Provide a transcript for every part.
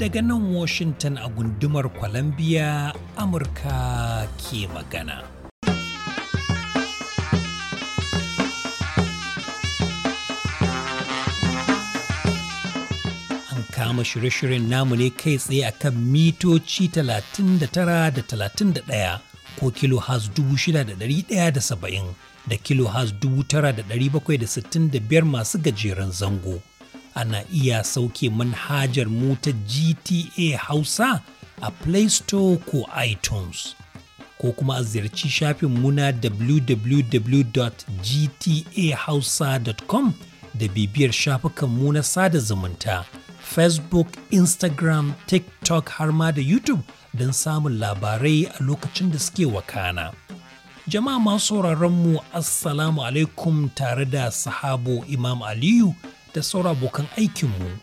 Daga nan Washington a gundumar Columbia, Amurka ke magana. kama shirye-shiryen namu ne kai tsaye a kan mitoci 39 da 31 ko kilo has 6,170 da da ɗari da biyar masu gajeren zango. Ana iya sauke manhajar mu ta GTA Hausa a Play Store ko iTunes. Ko kuma a ziyarci shafin muna www.gtahausa.com da bibiyar shafukan mu na sada zumunta. Facebook, Instagram, TikTok har ma da YouTube don samun labarai a lokacin da suke wakana. Jama'a masu mu Assalamu alaikum tare da sahabo Imam Aliyu da saura abokan aikinmu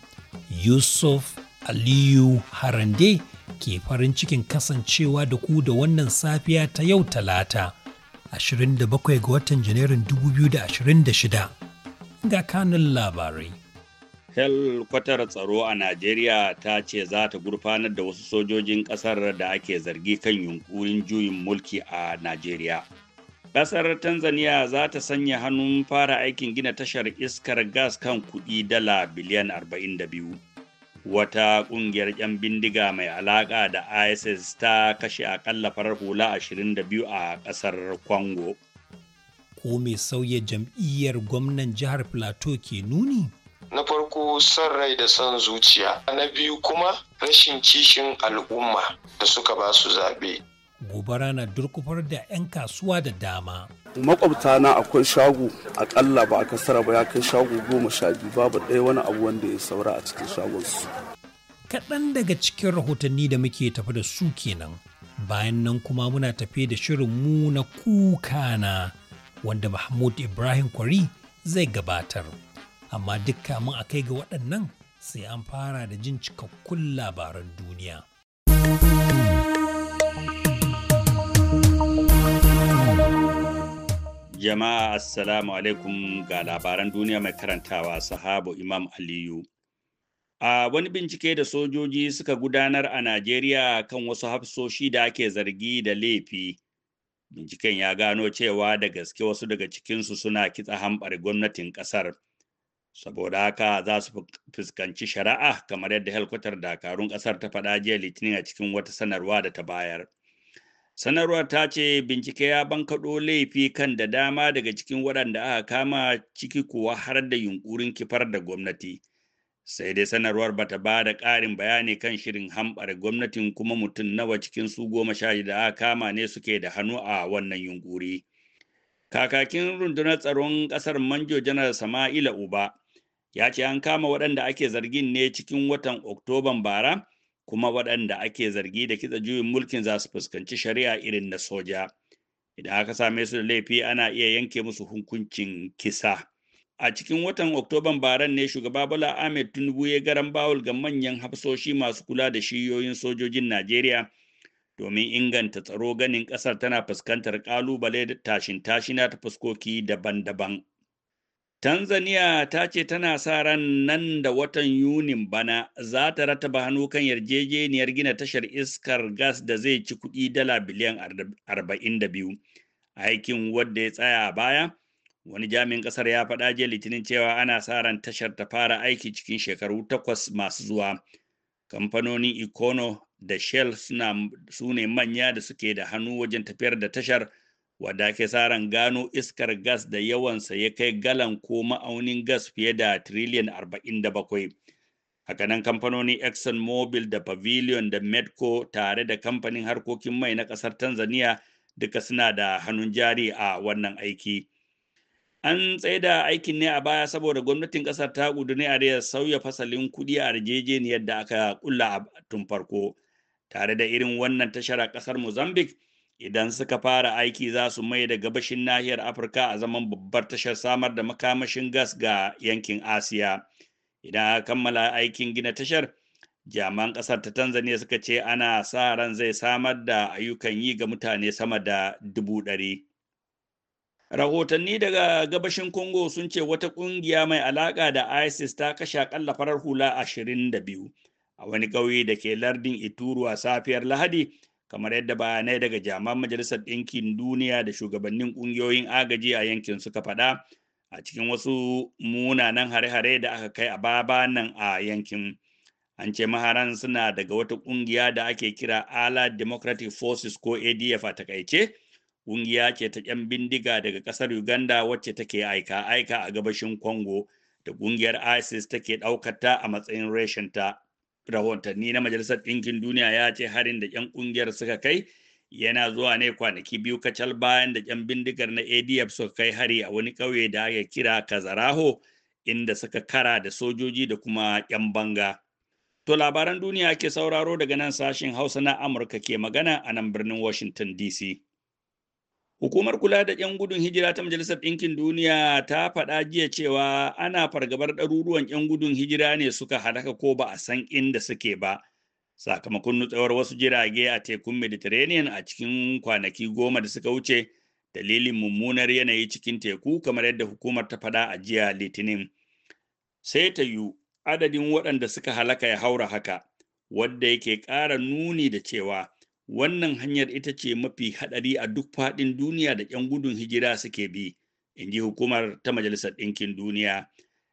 Yusuf Aliyu Harande ke farin cikin kasancewa da ku da wannan safiya ta yau talata 27 ga watan Janairun 2026 ga kanun labarai. kwatar tsaro a Najeriya ta ce za ta gurfanar da wasu sojojin ƙasar da ake zargi kan yunkurin juyin mulki a Najeriya. Ƙasar Tanzania za ta sanya hannun fara aikin gina tashar iskar gas kan kuɗi dala biliyan 42. Wata ƙungiyar 'yan bindiga mai alaƙa da ISIS ta kashe aƙalla farar hula 22 a ƙasar Congo. Ko mai sauya jam'iyyar gwamnan jihar Plateau ke nuni? Na farko son rai da son zuciya, na biyu kuma rashin kishin al'umma da suka ba su zaɓe. gobara na durkufar da 'yan kasuwa da dama. makwabta na akwai shago akalla ba a kasara ba ya kai shago goma sha biyu babu ɗaya wani abu wanda ya saura a cikin shagonsu. kaɗan daga cikin rahotanni da muke tafi da su kenan bayan nan kuma muna tafe da shirin mu na kuka na wanda mahmud ibrahim kwari zai gabatar amma dukka mun a kai ga waɗannan sai an fara da jin cikakkun labaran duniya. Jama'a Assalamu alaikum ga labaran duniya mai karantawa sahabu Imam Aliyu. A wani bincike da sojoji suka gudanar a Najeriya kan wasu hafsoshi da ake zargi da laifi. Binciken ya gano cewa da gaske wasu daga cikinsu suna kitsa hambar gwamnatin ƙasar. Saboda haka za su fuskanci shari'a kamar yadda helkwatar dakarun ƙasar ta faɗa jiya Litinin a cikin wata sanarwa da ta bayar. sanarwar ta ce bincike ya bankaɗo laifi kan da dama daga cikin waɗanda aka kama ciki kuwa har da yunkurin kifar da gwamnati sai dai sanarwar bata ba da ƙarin bayani kan shirin hamɓare gwamnatin kuma mutum nawa cikin su goma sha da aka kama ne suke da hannu a wannan yunkuri kakakin rundunar tsaron ƙasar manjo janar sama'ila uba ya ce an kama waɗanda ake zargin ne cikin watan oktoban bara kuma waɗanda ake zargi da kitsa juyin mulkin za su fuskanci shari'a irin na soja idan aka same su da laifi ana iya yanke musu hukuncin kisa a cikin watan oktoban baran ne shugaba bola ahmed tinubu ya garan bawul ga manyan hafsoshi masu kula da shiyoyin sojojin najeriya domin inganta tsaro ganin ƙasar tana fuskantar ƙalubale da tashin tashina ta fuskoki daban-daban Tanzania ta ce tana sa ran nan da watan Yunin bana za ta rataba hannu kan yarjejeniyar gina tashar iskar gas da zai ci kuɗi dala biliyan 42. Aikin wadda ya tsaya a baya, wani jami'in ƙasar ya faɗa jiya litinin cewa ana sa ran tashar ta fara aiki cikin shekaru takwas masu zuwa. Kamfanonin Econo da Shell su ne manya da suke da hannu wajen tafiyar da tashar. wadda ke saran gano iskar gas da yawansa ya kai galan ko ma'aunin gas fiye da triliyan 47. Hakanan kamfanoni Exxon Mobil da Pavilion da Medco tare da kamfanin harkokin mai na ƙasar Tanzania duka suna da hannun jari a wannan aiki. An da aikin ne a baya saboda gwamnatin ƙasar ta ne a da sauya fasalin kuɗi a yarjejeniyar da aka kulla a tun farko. Tare da irin wannan tashar a ƙasar Mozambique idan suka fara aiki za su mai da gabashin nahiyar afirka a zaman babbar tashar samar da makamashin gas ga yankin asiya idan aka kammala aikin gina tashar jaman kasar ta tanzania suka ce ana sa ran zai samar da ayyukan yi ga mutane sama da dubu ɗari rahotanni daga gabashin congo sun ce wata ƙungiya mai alaƙa da isis ta kashe akalla farar hula ashirin da biyu a wani ƙauye da ke lardin ituru a safiyar lahadi kamar yadda bayanai daga jami'an majalisar ɗinkin duniya da shugabannin ƙungiyoyin agaji a yankin suka faɗa a cikin wasu munanan hare-hare da aka kai a baba nan a yankin an ce maharan suna daga wata ƙungiya da ake kira ala democratic forces ko adf a takaice ƙungiya ce ta 'yan bindiga daga ƙasar uganda wacce take aika aika a gabashin congo da ƙungiyar isis take ɗaukata a matsayin reshenta rahotanni na majalisar ɗinkin duniya ya ce harin da 'yan ƙungiyar suka kai yana zuwa ne kwanaki biyu kacal bayan da 'yan bindigar na adf suka kai hari a wani ƙauye da aka kira kazaraho inda suka kara da sojoji da kuma 'yan banga to labaran duniya ke sauraro daga nan sashen hausa na amurka ke magana a nan birnin washington dc Hukumar kula da 'yan gudun hijira ta Majalisar Ɗinkin Duniya ta faɗa jiya cewa ana fargabar ɗaruruwan 'yan gudun hijira ne suka halaka ko ba a san inda suke ba. Sakamakon nutsawar wasu jirage a tekun Mediterranean a cikin kwanaki goma da suka wuce, dalilin mummunar yanayi cikin teku kamar yadda hukumar ta faɗa a jiya Litinin. Sai ta yiwu adadin waɗanda suka halaka ya haura haka, wadda yake ƙara nuni da cewa wannan hanyar ita ce mafi haɗari a duk faɗin duniya da 'yan gudun hijira suke bi in ji hukumar ta majalisar ɗinkin duniya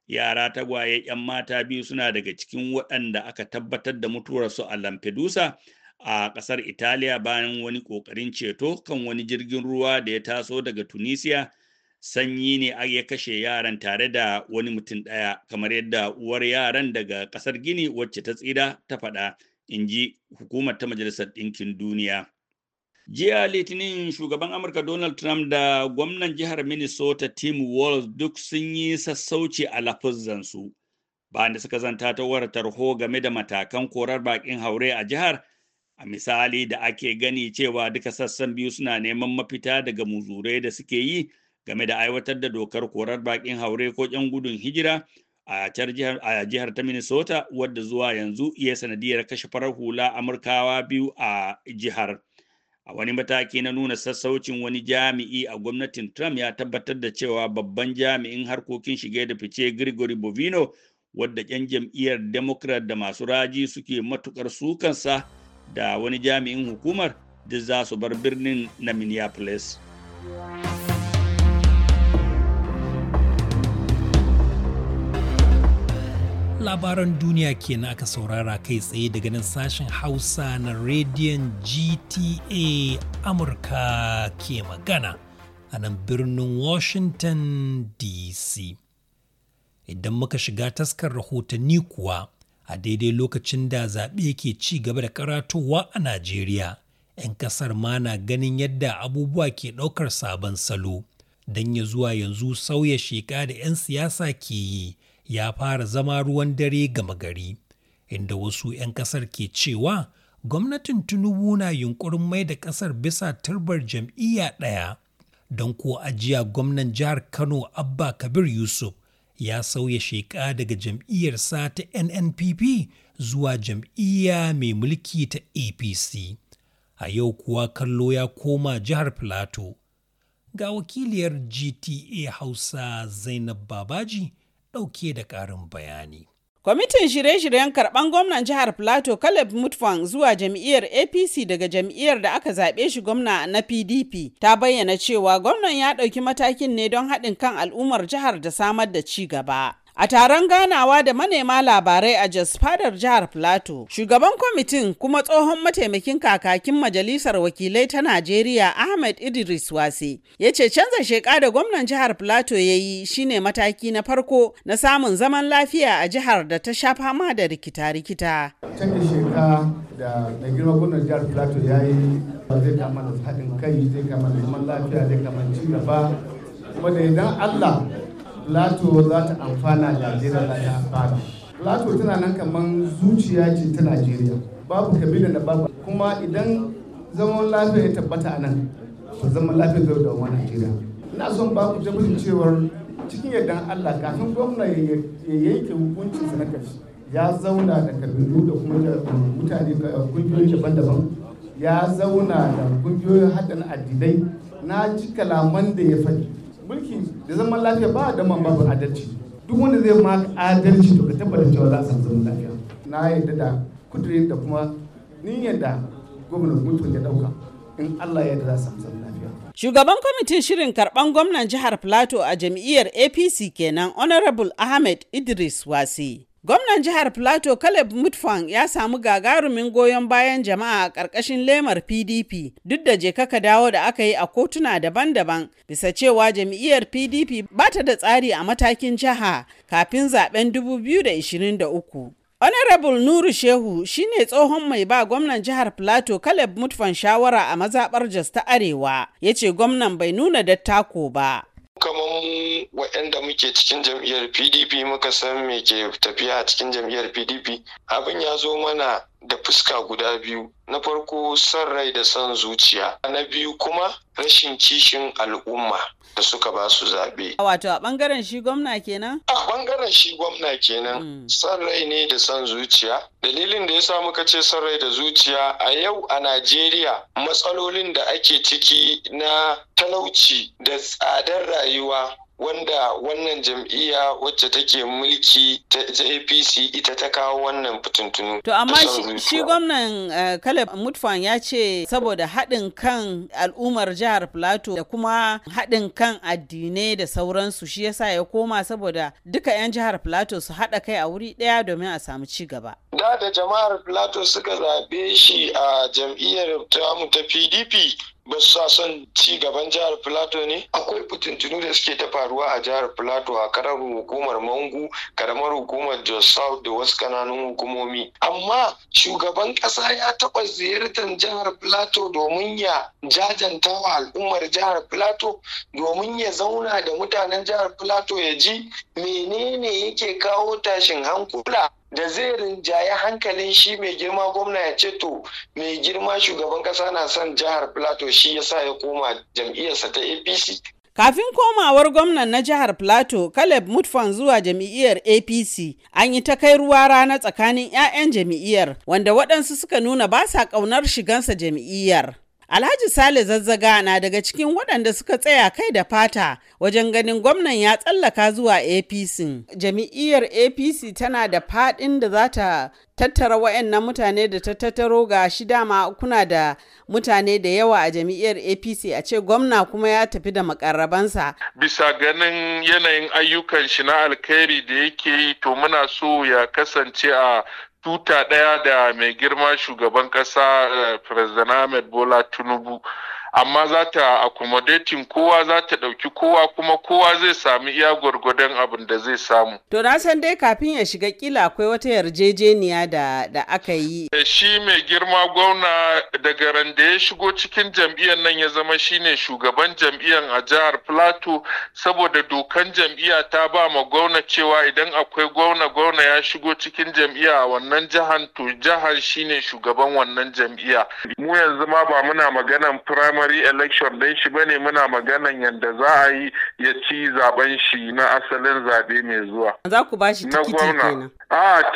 yara tagwaye 'yan mata biyu suna daga cikin waɗanda aka tabbatar da mutuwarsu a lampedusa a ƙasar italiya bayan wani ƙoƙarin ceto kan wani jirgin ruwa da ya taso daga tunisia sanyi ne a ya kashe yaran tare da wani mutum ɗaya kamar yadda uwar yaran daga ƙasar gini wacce ta tsira ta faɗa in ji hukumar ta Majalisar Ɗinkin Duniya. Jiya Litinin shugaban Amurka Donald Trump da gwamnan jihar Minnesota Tim Walz duk sun yi sassauci a lafuzzansu. Bayan da suka zanta ta wara tarho game da matakan korar bakin haure a jihar, a misali da ake gani cewa duka sassan biyu suna neman mafita daga muzurai da suke yi game da aiwatar da dokar korar bakin haure ko 'yan gudun hijira a jihar ta Minnesota wadda zuwa yanzu iya sanadiyar kashe farar hula Amurkawa biyu a jihar. A wani mataki na nuna sassaucin wani jami'i a gwamnatin Trump ya tabbatar da cewa babban jami'in harkokin shige da fice Gregory Bovino wadda 'yan jam'iyyar Democrat da masu raji suke matukar sukansa da wani jami'in hukumar duk za su bar birnin na Minneapolis. Yeah. labaran duniya kenan aka saurara kai tsaye daga nan sashen hausa na rediyon gta amurka ke magana a nan birnin washington dc idan muka shiga taskar rahotanni kuwa a daidai lokacin da zaɓe ke ci gaba da karatowa a najeriya 'yan kasar ma na ganin yadda abubuwa ke ɗaukar sabon salo don ya zuwa yanzu sauya sheka da 'yan siyasa ke yi ya fara zama ruwan dare gama gari, inda wasu 'yan kasar ke cewa gwamnatin Tinubu na yunkurin mai da ƙasar bisa turbar jam'iyya ɗaya. Don ko ajiya gwamnan jihar Kano Abba Kabir Yusuf ya sauya sheƙa daga jam'iyyar sa ta NNPP zuwa jam'iyya mai mulki ta APC. A yau kuwa kallo ya koma jihar Filato. Ga wakiliyar GTA Hausa Zainab Babaji ɗauke da ƙarin bayani. Kwamitin shirye-shiryen karɓan gwamnan jihar Plateau Caleb Mutfang zuwa jam'iyyar APC daga jam'iyyar da aka zaɓe shi gwamna na PDP ta bayyana cewa gwamnan ya ɗauki matakin ne don haɗin kan al'ummar jihar da samar da ci gaba. A taron ganawa da manema labarai a Jos Fadar Jihar Plateau, shugaban kwamitin kuma tsohon mataimakin kakakin Majalisar Wakilai ta Najeriya Ahmed Idris Wase ya ce canza sheka da gwamnan jihar Plateau ya yi shine mataki na farko na samun zaman lafiya a jihar da ta sha fama da rikita-rikita. Canza sheka da gwamnan jihar Plateau ya yi zai kama da haɗin kai zai kama da zaman lafiya zai kama kuma da idan Allah plato za ta amfana najeriya da ya amfana plato tana nan kamar zuciya ce ta najeriya babu kabila da babu kuma idan zaman lafiya ya tabbata nan, ba zaman lafiya zai da wani najeriya ina son babu jabirin cewar cikin yadda allah kafin gwamna ya yanke hukuncinsa na kashi ya zauna da kabilu da kuma da mutane kungiyoyi daban-daban ya zauna da kungiyoyin haɗin addinai na ji kalaman da ya faɗi mulki da zaman lafiya ba da man babu adalci duk wanda zai ma adalci to ka tabbatar cewa za a san zaman lafiya na yadda da kudurin da kuma niyyar da gwamnan mutum ya dauka in Allah ya yarda za a san zaman lafiya Shugaban kwamitin shirin karɓan gwamnan jihar Plateau a jam'iyyar APC kenan Honorable Ahmed Idris Wasi Gwamnan jihar Plateau Caleb Mutfang ya samu gagarumin goyon bayan jama'a a ƙarƙashin lemar PDP duk da jekaka dawo da aka yi a kotuna daban-daban bisa cewa jam'iyyar PDP ba ta da tsari a matakin jiha kafin zaben 2023. Honorable Nuru Shehu shine tsohon mai ba gwamnan jihar Plateau Caleb Mutfan shawara a mazaɓar Jos ta Arewa, ya ce gwamnan bai nuna dattako ba. kamar mu waɗanda muke cikin jam'iyyar pdp muka san me ke tafiya a cikin jam'iyyar pdp abin ya zo mana da fuska guda biyu na farko son rai da son zuciya na biyu kuma rashin kishin al'umma da suka ba su zaɓe. Wato a ɓangaren shi gwamna kenan? A ɓangaren shi gwamna kenan. Mm. Son rai ne da son zuciya. Dalilin da ya sa muka ce son rai da zuciya a yau a Najeriya matsalolin da ake ciki na talauci da tsadar rayuwa wanda wannan jam'iyya wacce take mulki ta apc ita ta kawo wannan fitintunu to amma shi gwamnan kaleb eh, mutfan ya ce saboda haɗin kan al'ummar jihar plateau da kuma haɗin kan addinai da sauransu shi yasa ya koma saboda duka 'yan jihar plateau su haɗa kai a wuri ɗaya domin a samu ci gaba da da jama'ar plateau suka zaɓe shi a jam'iyyar tamu ta pdp ba su sa son ci gaban jihar Plateau ne? Akwai fitintunu da suke ta faruwa a jihar Plateau a karar hukumar Mangu, karamar hukumar Jos South da wasu kananun hukumomi. Amma shugaban ƙasa ya taɓa ziyartar jihar Plateau domin ya jajanta wa al'ummar jihar Plateau domin ya zauna da mutanen jihar Plateau ya ji menene yake kawo tashin hankula da zai rinjaye hankalin shi mai girma gwamna ya ce to mai girma shugaban kasa na son jihar plateau shi ya sa ya koma jam'iyyarsa ta apc Kafin komawar gwamnan na jihar Plateau, Caleb Mutfan zuwa jam'iyyar APC, an yi ta kai ruwa rana tsakanin 'ya'yan jam'iyyar, wanda waɗansu suka nuna ba sa ƙaunar shigansa jam'iyyar. Alhaji Sale Zazzaga na daga cikin waɗanda suka tsaya kai da fata wajen ganin gwamnan ya tsallaka zuwa APC. Jami'iyyar APC tana da faɗin da za ta tattara waɗannan mutane da ta tattaro ga shi dama kuna da mutane da yawa a jami'iyyar APC a ce gwamna kuma ya tafi da makarrabansa. Bisa ganin yanayin ayyukan shi na alkhairi da yake yi to muna so ya kasance a tuta ɗaya da mai girma shugaban ƙasa eh, president ahmed bola tinubu amma za ta accommodating kowa za ta ɗauki kowa kuma kowa zai sami iya gwargwadon abin da zai samu. To na san dai kafin ya shiga kila akwai wata yarjejeniya da, da aka yi. Eh, shi mai girma gwamna daga randa ya shigo cikin jam'iyyar nan ya zama shine shugaban jam'iyyar a jihar Plateau saboda dokan jam'iyya ta ba ma gwamna cewa idan akwai gwamna gwamna ya shigo cikin jam'iyya a wannan jihar to jihar shine shugaban wannan jam'iyya. Mu yanzu ma ba muna maganan firamare. primary election shi bane muna maganan yadda za a yi ya ci zaben shi na asalin zaɓe mai zuwa. Za ku ba shi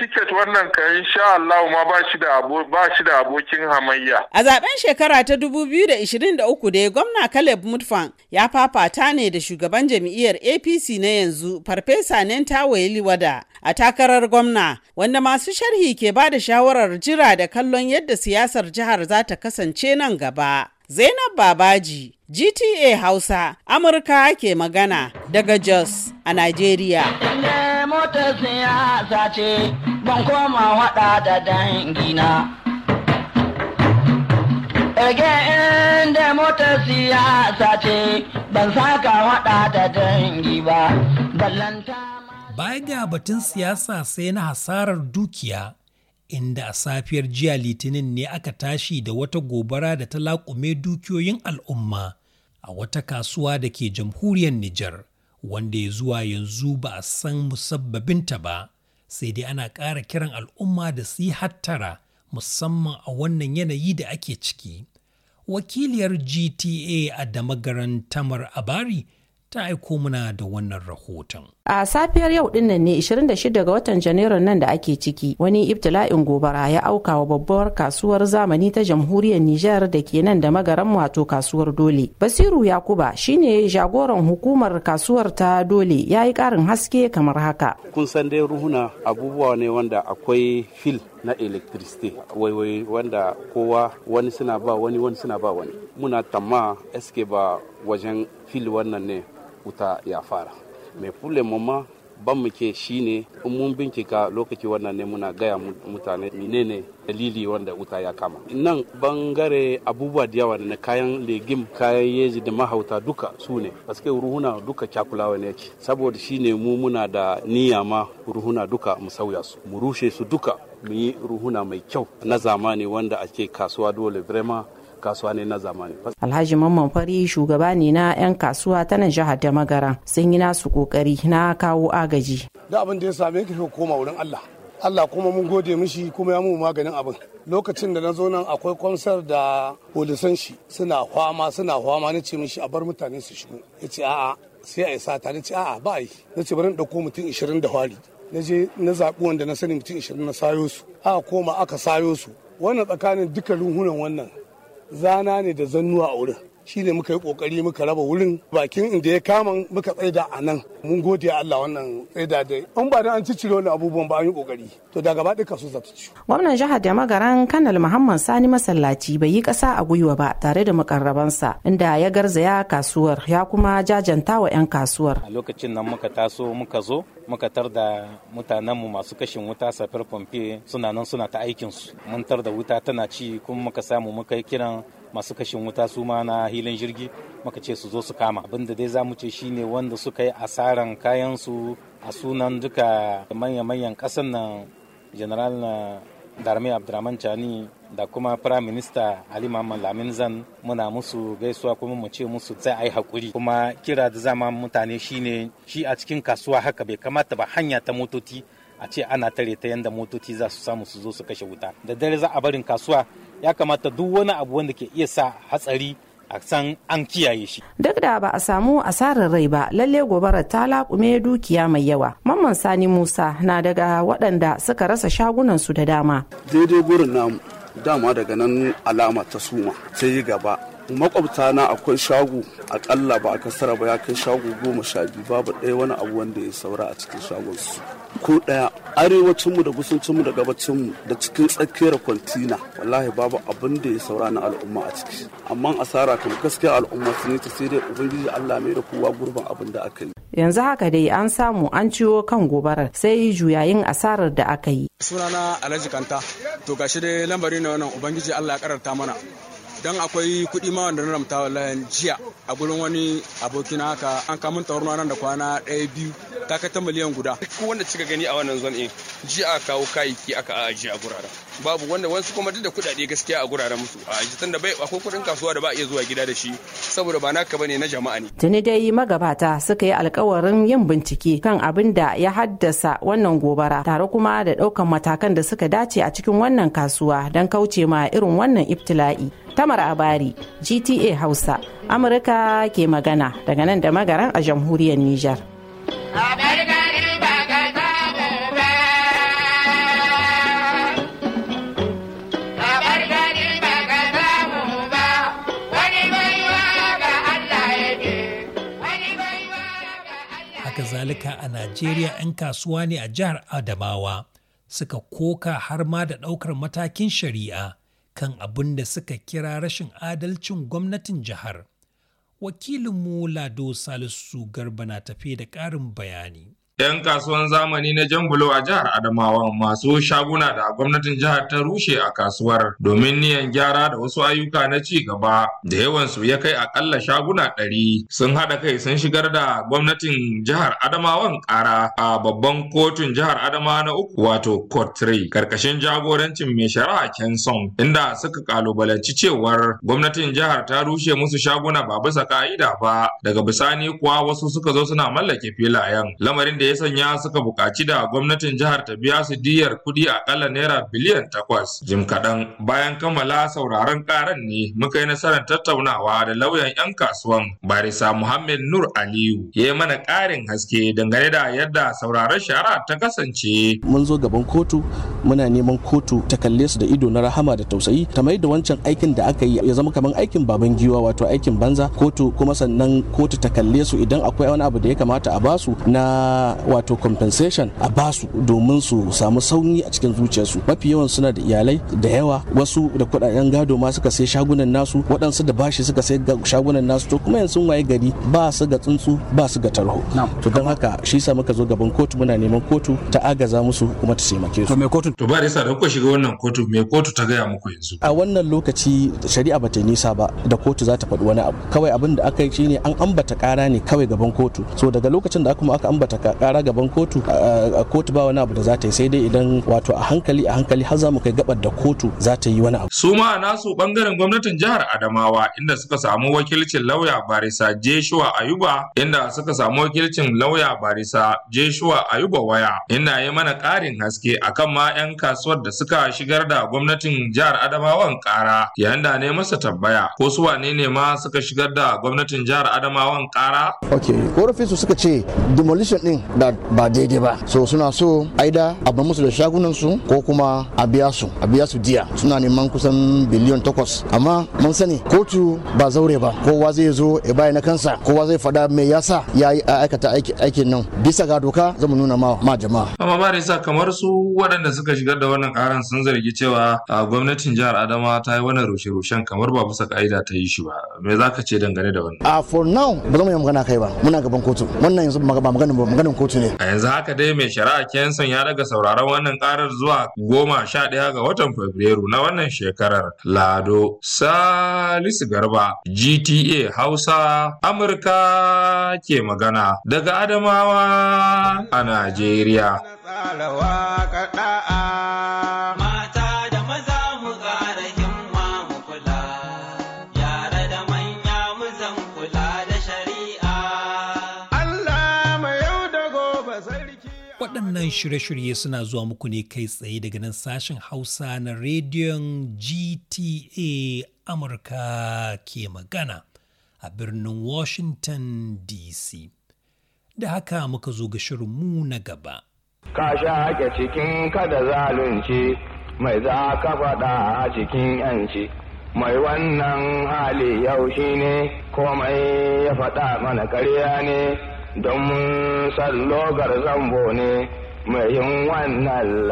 tiket wannan ka insha Allah ma ba shi da ba shi da abokin hamayya. A zaben shekara ta 2023 da gwamna Caleb Mutfan ya fafata ne da shugaban jam'iyyar APC na yanzu Farfesa Nentawo Yeliwada a takarar gwamna wanda masu sharhi ke ba da shawarar jira da kallon yadda siyasar jihar za ta kasance nan gaba. Zainab Babaji, GTA Hausa, Amurka ke magana daga Jos a Najeriya. Ne ban saka da ba, ballanta. ga batun siyasa sai na hasarar dukiya. inda a safiyar jiya litinin ne aka tashi da wata gobara da ta laƙume dukiyoyin al'umma a wata kasuwa da ke jamhuriyar Nijar, wanda ya zuwa yanzu ba a san musabbabinta ba, sai dai ana ƙara kiran al'umma da su yi hattara musamman a wannan yanayi da ake ciki. Wakiliyar GTA a damagaran Tamar Abari ta aiko muna da wannan rahoton. A safiyar yau din nan ne 26 ga watan Janairun nan da ake ciki wani ibtila'in gobara ya auka wa babbar kasuwar zamani ta jamhuriyar Nijar da ke nan da magaran wato kasuwar Dole. Basiru Yakuba shine jagoran hukumar kasuwar ta Dole ya yi karin haske kamar haka. Kun san dai ruhuna abubuwa ne wanda akwai fil na electricity waiwai wanda kowa wani suna ba wani wani suna ba wani. Muna tamma eske ba wajen fil wannan ne wuta ya fara mai fule mamma ban muke shine in mun bincika lokaci wannan ne muna gaya mutane menene dalili wanda wuta ya kama nan bangare abubuwa da yawa na kayan legim kayan yezi da mahauta duka su ne paske ruhuna duka cakulawa ne ci saboda shine mu muna da niyya ma ruhuna duka mu sauya su mu rushe su duka mu yi ruhuna mai kyau na zamani wanda ake kasuwa dole brema kasuwa ne na zamani. Alhaji Mamman Fari shugaba ne na 'yan kasuwa ta nan jihar da magara sun yi nasu kokari na kawo agaji. Da abin da ya same ka koma wurin Allah. Allah kuma mun gode mishi kuma ya mu maganin abin. Lokacin da na zo nan akwai kwamsar da polisan shi suna kwama suna kwama na ce mishi a bar mutane su shigo. Ya ce a'a sai a yi sata na ce a'a ba a yi. Na ce bari ɗauko mutum ishirin da hwari. Na je na zaɓi wanda na sani mutum ishirin na sayo su. Aka koma aka sayo su. Wannan tsakanin duka ruhunan wannan zana ne da zannuwa a wurin shine muka yi kokari muka raba wurin bakin inda ya kama muka tsaida a nan mun gode Allah wannan tsaida da an ba da an ci wani abubuwan ba an yi kokari to da gaba duka su zata ci gwamnan jihar da magaran kanal muhammad sani masallaci bai yi kasa a gwiwa ba tare da makarrabansa inda ya garzaya kasuwar ya kuma jajanta wa 'yan kasuwar a lokacin nan muka taso muka zo muka tar da mutanenmu masu kashin wuta safar pompe suna nan suna ta aikinsu mun tar da wuta tana ci kuma muka samu muka kiran masu kashin wuta su ma na hilin jirgi maka ce su zo su kama abinda dai za mu ce shine wanda suka yi asaran kayansu a sunan duka manya-manyan kasan nan general na eh, darmi abdurrahman chani da kuma prime minister ali mamman lamin muna musu gaisuwa kuma mu ce musu sai ai hakuri kuma kira da zama mutane shine shi a cikin kasuwa haka bai kamata ba hanya ta motoci a ce ana tare ta yanda motoci za su samu su zo su kashe wuta da dare za a barin kasuwa ya kamata duk wani abu wanda ke iya sa hatsari a san an kiyaye shi. Duk da ba a samu asarar rai ba, lalle gobarar ta laƙume dukiya mai yawa. Mamman Sani Musa na daga waɗanda suka rasa shagunan su da dama. Daidai gurin na dama daga nan alama ta suma, sai gaba. Makwabta na akwai shago akalla ba a kasara ba ya kai shago goma sha biyu babu ɗaya wani abu wanda ya saura a cikin shagonsu. ko ɗaya arewacinmu da gusuncinmu da gabacinmu da cikin tsakiyar kwantina wallahi babu abin da ya saura na al'umma a ciki amma asara kan gaskiya al'umma su yi ta sai dai ubangiji Allah mai da kowa gurbin abin da aka yi yanzu haka dai an samu an ciwo kan gobarar sai juyayin asarar da aka yi sunana alhaji kanta to gashi dai lambari na wannan ubangiji Allah ya karanta mana dan akwai kuɗi ma wanda na ramta layan jiya a gurin wani abokin haka an kamun taurin nan da kwana ɗaya biyu ta kai miliyan guda duk wanda cika gani a wannan zon jiya a kawo kayayyaki aka ajiye a guraren babu wanda wasu kuma duk da kuɗaɗe gaskiya a guraren musu a ajiye tunda bai akwai kuɗin kasuwa da ba a iya zuwa gida da shi saboda ba naka bane na jama'a ne tuni dai magabata suka yi alkawarin yin bincike kan abin da ya haddasa wannan gobara tare kuma da ɗaukan matakan da suka dace a cikin wannan kasuwa don kauce ma irin wannan iftila'i Tamar Abari, GTA Hausa, Amurka ke magana daga nan da magaran a jamhuriyar Nijar. Haka zalika a Najeriya 'yan kasuwa ne a jihar Adamawa suka koka har ma da ɗaukar matakin shari'a. kan abin da suka kira rashin adalcin gwamnatin jihar. Wakilin Wakilinmu Lado Salisu Garba na tafe da ƙarin bayani. 'Yan kasuwan zamani na Jan Bulo a jihar Adamawa masu shaguna da gwamnatin jihar ta rushe a kasuwar domin niyan gyara da wasu ayyuka na ci gaba da yawansu ya kai akalla shaguna ɗari sun haɗa kai sun shigar da gwamnatin jihar Adamawan ƙara a babban kotun jihar Adamawa na uku wato Court 3 karkashin jagorancin mai shari'a Kenson inda suka kalubalanci cewar gwamnatin jihar ta rushe musu shaguna ba bisa ka'ida ba daga bisani kuwa wasu suka zo suna mallake filayen lamarin da da ya sanya suka bukaci da gwamnatin jihar ta biya su diyar kuɗi akalla naira biliyan takwas. Jim kaɗan bayan kammala sauraron ƙaran ne muka yi nasarar tattaunawa da lauyan 'yan kasuwan Barisa Muhammad Nur Aliyu ya yi mana ƙarin haske dangane da yadda sauraron shara ta kasance. Mun zo gaban kotu muna neman kotu ta kalle su da ido na rahama da tausayi ta mai da wancan aikin da aka yi ya zama kamar aikin baban giwa wato aikin banza kotu kuma sannan kotu ta kalle su idan akwai wani abu da ya kamata a basu na wato compensation a basu domin su samu sauni a cikin zuciyarsu mafi yawan suna da iyalai da yawa wasu da kudaden gado ma suka sai shagunan nasu waɗansu da bashi suka sai shagunan nasu to kuma yanzu waye gari ba su ga tsuntsu ba su ga tarho to don haka shi sa muka zo gaban kotu muna neman kotu ta agaza musu kuma ta taimake su to me kotu to ba da yasa da kuka shiga wannan kotu me kotu ta gaya muku yanzu a wannan lokaci shari'a ba ta nisa ba da kotu za ta faɗi wani abu kawai abin da aka yi shine an ambata kara ne kawai gaban kotu so daga lokacin da kuma aka ambata kara gaban kotu a kotu ba wani abu da za ta yi sai dai idan wato a hankali a hankali har za mu kai gabar da kotu za ta yi wani abu su ma nasu bangaren gwamnatin jihar Adamawa inda suka samu wakilcin lauya Barisa jeshua Ayuba inda suka samu wakilcin lauya Barisa jeshua Ayuba waya inda ya mana karin haske akan ma 'yan kasuwar da suka shigar da gwamnatin jihar Adamawan kara yayin da ne masa tambaya ko su wane ne ma suka shigar da gwamnatin jihar Adamawan kara ok korafin su suka ce demolition din da ba daidai ba so suna so aida a musu da shagunansu ko kuma a biya su a biya su diya suna neman kusan biliyon takwas amma mun sani kotu ba zaure ba kowa zai zo ya bayi na kansa kowa zai faɗa me yasa ya yi aikata aikin nan bisa ga doka za mu nuna ma jama'a amma ba kamar su waɗanda suka shigar da wannan karan sun zargi cewa gwamnatin jihar adama ta yi wannan rushe-rushen kamar ba bisa ka'ida ta yi shi ba me za ka ce dangane da wannan a for now ba za mu yi magana kai ba muna gaban kotu wannan yanzu ba maganin ba kotu a yanzu haka dai mai shari'a kenson ya daga sauraron wannan karar zuwa goma sha ɗaya ga watan fabrairu na wannan shekarar lado salisu garba gta hausa amurka ke magana daga adamawa a najeriya waɗannan shirye-shirye suna zuwa muku ne kai tsaye daga nan sashen Hausa na rediyon GTA Amurka ke magana a birnin Washington DC. Da haka muka zo ga shirinmu na gaba. Ka sha ake cikin kada zalunci mai za ka faɗa a cikin 'yanci. mai wannan hali yau shi ne komai ya faɗa mana karya ne don mun san logar zambo ne mayin wannan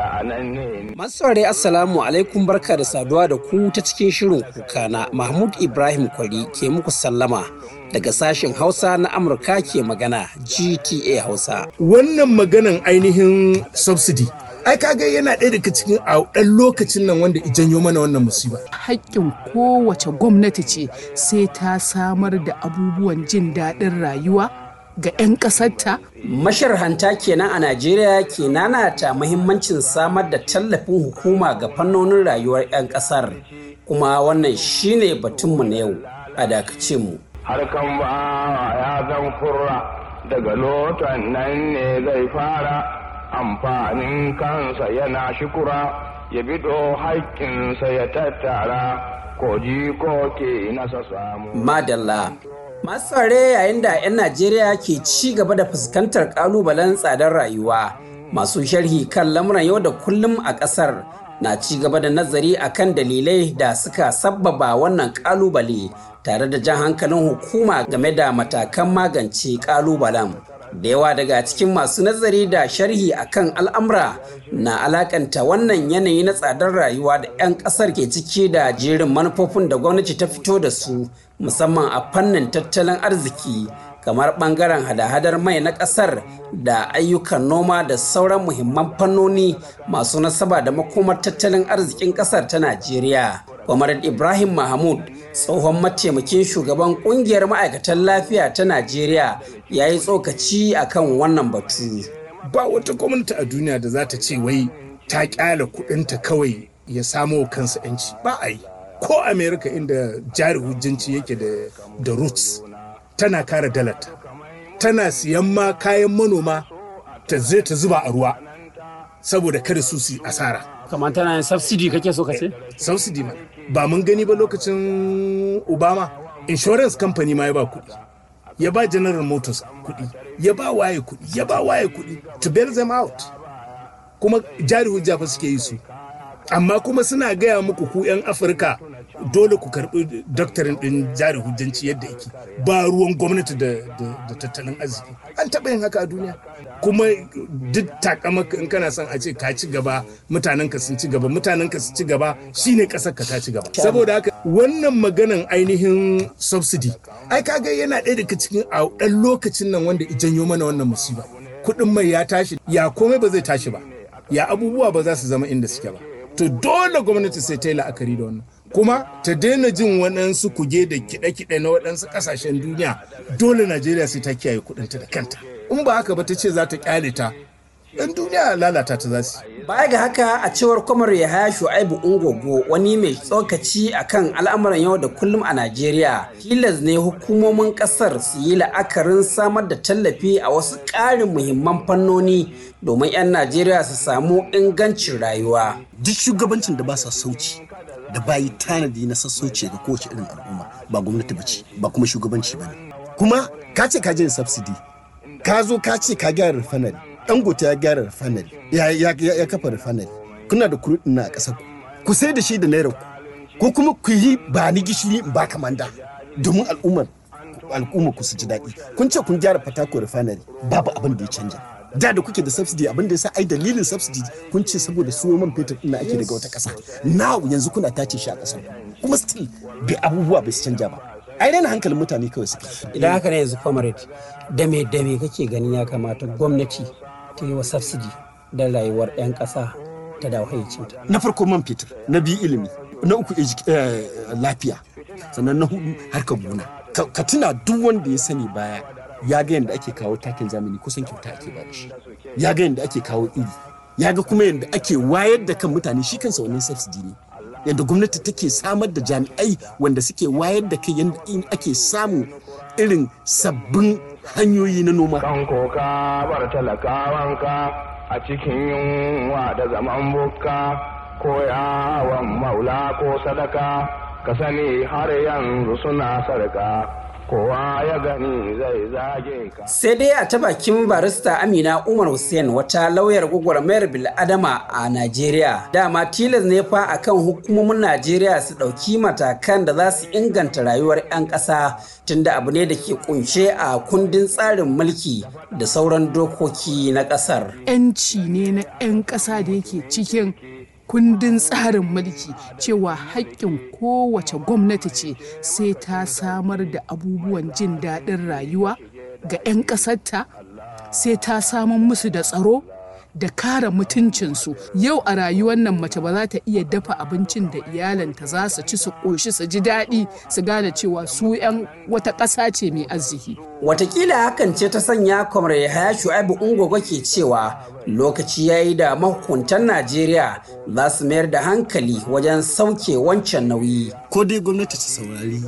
Matsare Assalamu alaikum barka da saduwa da ku ta cikin shirin kuka na Mahmud Ibrahim Kwari ke muku sallama daga sashen Hausa na Amurka ke magana GTA Hausa. Wannan maganan ainihin subsidy ai kaga yana ɗaya daga cikin a ɗan lokacin nan wanda janyo mana wannan musiba. Hakkin kowace gwamnati ce sai ta samar da abubuwan jin daɗin rayuwa ga 'yan ƙasarta? Masharhanta kenan a Najeriya ke nanata muhimmancin samar da tallafin hukuma ga fannonin rayuwar 'yan ƙasar. Kuma wannan shine batunmu na yau a dakace mu. Harkan ba ya zan kurra daga lotan nan ne zai fara amfanin kansa yana shikura ya bido haƙƙinsa ya tattara ko ji ko ke nasa samu. Madalla masu tsare yayin da 'yan najeriya ke ci gaba da fuskantar kalubalen tsadar rayuwa masu sharhi kan lamuran yau da kullum a ƙasar na ci gaba da nazari a kan dalilai da suka sabbaba wannan kalubale tare da jan hankalin hukuma game da matakan magance kalubalen da yawa daga cikin masu nazari da sharhi akan al'amura na alakanta wannan yanayi na tsadar rayuwa da 'yan kasar ke ciki da jerin manufofin da gwamnati ta fito da su musamman a fannin tattalin arziki kamar bangaren hada-hadar mai na kasar da ayyukan noma da sauran muhimman fannoni masu nasaba da makomar tattalin arzikin kasar ta najeriya Umar Ibrahim Mahmud tsohon mataimakin shugaban kungiyar ma'aikatan lafiya ta Najeriya ya yi tsokaci a kan wannan batu. Ba wata gwamnati a duniya da za ta ce wai ta kyala kudinta kawai ya samo kansa 'yanci ba a yi. Ko Amerika inda jari hujjanci yake da roots tana kara dalata tana siyan ma kayan manoma ta zai ta zuba a ruwa saboda kada su su asara. kamar tana yin subsidy kake so ka ce subsidy ma ba mun gani ba lokacin obama insurance company ma ya ba kuɗi ya ba general motors kuɗi ya ba waye kuɗi ya ba waye kuɗi to bail them out kuma jari hujja fa suke yi su amma kuma suna gaya muku ku 'yan afirka dole ku karɓi doktorin ɗin jari hujjanci yadda yake ba ruwan gwamnati da tattalin arziki an taɓa yin haka a duniya kuma duk takamaka in kana son a ce ka ci gaba mutanen ka sun ci gaba mutanen ka sun ci gaba shine ƙasar ka ta ci gaba saboda haka wannan maganan ainihin subsidy ai kaga yana ɗaya daga cikin a ɗan lokacin nan wanda i janyo mana wannan musiba kuɗin mai ya tashi ya komai ba zai tashi ba ya abubuwa ba za su zama inda suke ba to dole gwamnati sai ta yi la'akari da wannan kuma ta daina jin waɗansu kuge da kiɗe-kiɗe na waɗansu ƙasashen duniya dole najeriya sai ta kiyaye kuɗinta da kanta in ba haka ba ta ce za ta ƙyale ta ɗan duniya lalata ta za Baya ga haka a cewar kwamar Yahaya Shu'aibu Ungogo wani mai tsokaci akan al'amuran yau da kullum a Najeriya. Tilas ne hukumomin kasar su yi la'akarin samar da tallafi a wasu ƙarin muhimman fannoni domin 'yan Najeriya su samu ingancin rayuwa. Duk shugabancin da ba sa sauci da bayi tanadi na sassauci ga kowace irin al'umma ba gwamnati ba ce ba kuma shugabanci ba ne. Kuma ka ce ka je subsidy ka zo ka ce ka gyara refinery dangote ya gyara refinery ya kafa refinery kuna da crude na ƙasar ku ku sai da shi da naira ku ko kuma ku yi ba ni gishiri ba kamanda domin al'ummar al'umma ku su ji daɗi kun ce kun gyara fatako refinery babu abin da ya canja da da kuke da subsidy abin da ya sa ai dalilin subsidy kun ce saboda su man fetur ɗin ake daga wata ƙasa na yanzu kuna tace shi a ƙasa kuma still bai abubuwa bai su canja ba ai raina hankalin mutane kawai suke idan haka ne yanzu comrade dame dame kake ganin ya kamata gwamnati ta yi wa subsidy don rayuwar 'yan ƙasa ta dawo Na farko man fetur, na biyu ilimi, na uku eh, lafiya, sannan na hudu harkar gona. Ka tuna duk wanda ya sani baya ya ga yadda ake kawo takin zamani kusan kyauta ake ba shi. Ya ga yadda ake kawo iri, ya ga kuma yadda ake wayar da kan mutane shi kansa wannan subsidy ne. Yadda gwamnati take samar da jami'ai wanda suke wayar da kai yadda ake samu irin sabbin hanyoyi na noma. Kan koka bar talakawanka a cikin yunwa da zaman bukka ko yawon maula ko sadaka ka sani har yanzu suna sarka. kowa ya gani zai zage ka. Sai dai a ta bakin barista Amina Umar Hussein wata lauyar gwagwarmayar bil'adama a Najeriya. Dama tilas ne fa a kan hukumomin Najeriya su ɗauki matakan da za su inganta rayuwar 'yan ƙasa tunda abu ne da ke kunshe a kundin tsarin mulki da sauran dokoki na ƙasar. 'Yanci ne na 'yan ƙasa da yake cikin kundin tsarin mulki cewa haƙƙin kowace gwamnati ce sai ta samar da abubuwan jin daɗin rayuwa ga 'yan ƙasarta sai ta samun musu da tsaro da kare mutuncinsu yau a rayuwar nan mace ba za ta iya dafa abincin da iyalanta za su ci su ƙoshi su ji daɗi su gane cewa su 'yan wata ƙasa ce mai arziki. Watakila hakan ce ta sanya ya haya Shu'aibu Ungogo ke cewa lokaci ya yi da mahukuntan Najeriya za su mayar da hankali wajen sauke wancan nauyi. Ko dai gwamnati su saurari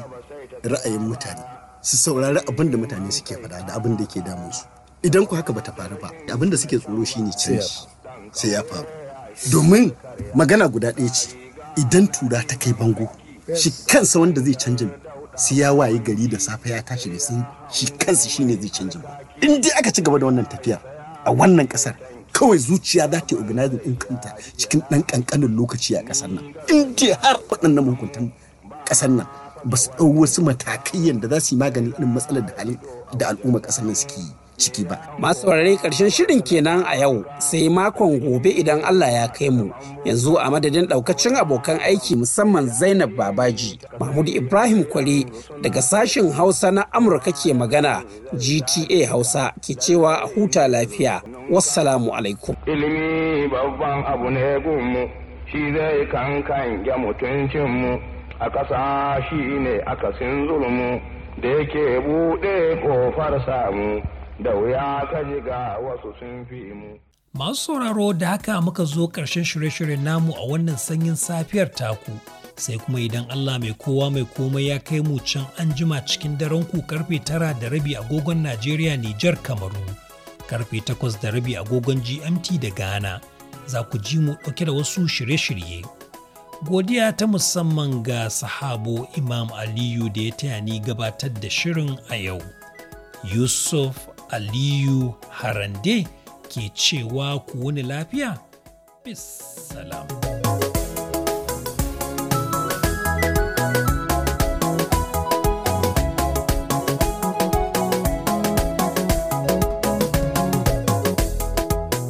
ra'ayin mutane, su saurari abin da mutane suke faɗa da abin da ke su. idan ku haka bata faru ba abin da suke tsoro shine canji sai ya faru domin magana guda ɗaya ce idan tura ta kai bango shi kansa wanda zai canjin sai ya waye gari da safe ya tashi da sun shi kansa shine zai canjin ba in dai aka ci gaba da wannan tafiya a wannan kasar kawai zuciya za ta yi organizing din kanta cikin dan kankanin lokaci a kasar nan in dai har waɗannan mahukuntan kasar nan ba su ɗau wasu matakai yadda za su yi magani irin matsalar da halin da al'umma kasar nan suke yi ciki ba. Masu saurare ƙarshen shirin kenan a yau sai makon gobe idan Allah ya kai mu yanzu a madadin ɗaukacin abokan aiki musamman Zainab Babaji, Mahmud Ibrahim Kwale daga sashen Hausa na Amurka ke magana GTA Hausa ke cewa a huta lafiya. Wassalamu alaikum. Ilimi babban abu ne gumu shi zai kankan ya mutuncinmu a ƙasa shi ne akasin zulumu da yake buɗe ƙofar samu. da wuya ka ga wasu sun fi imu. Masu sauraro da haka muka zo ƙarshen shirye-shiryen namu a wannan sanyin safiyar taku. Sai kuma idan Allah mai kowa mai komai ya kai mu can an jima cikin daren ku karfe tara da rabi agogon Najeriya Nijar Kamaru, karfe takwas da rabi agogon GMT da Ghana. Za ku ji mu ɗauke da wasu shirye-shirye. Godiya ta musamman ga sahabo Imam Aliyu da ya taya ni gabatar da shirin a yau. Yusuf Aliyu Harande ke cewa ku wani lafiya. Bis salam.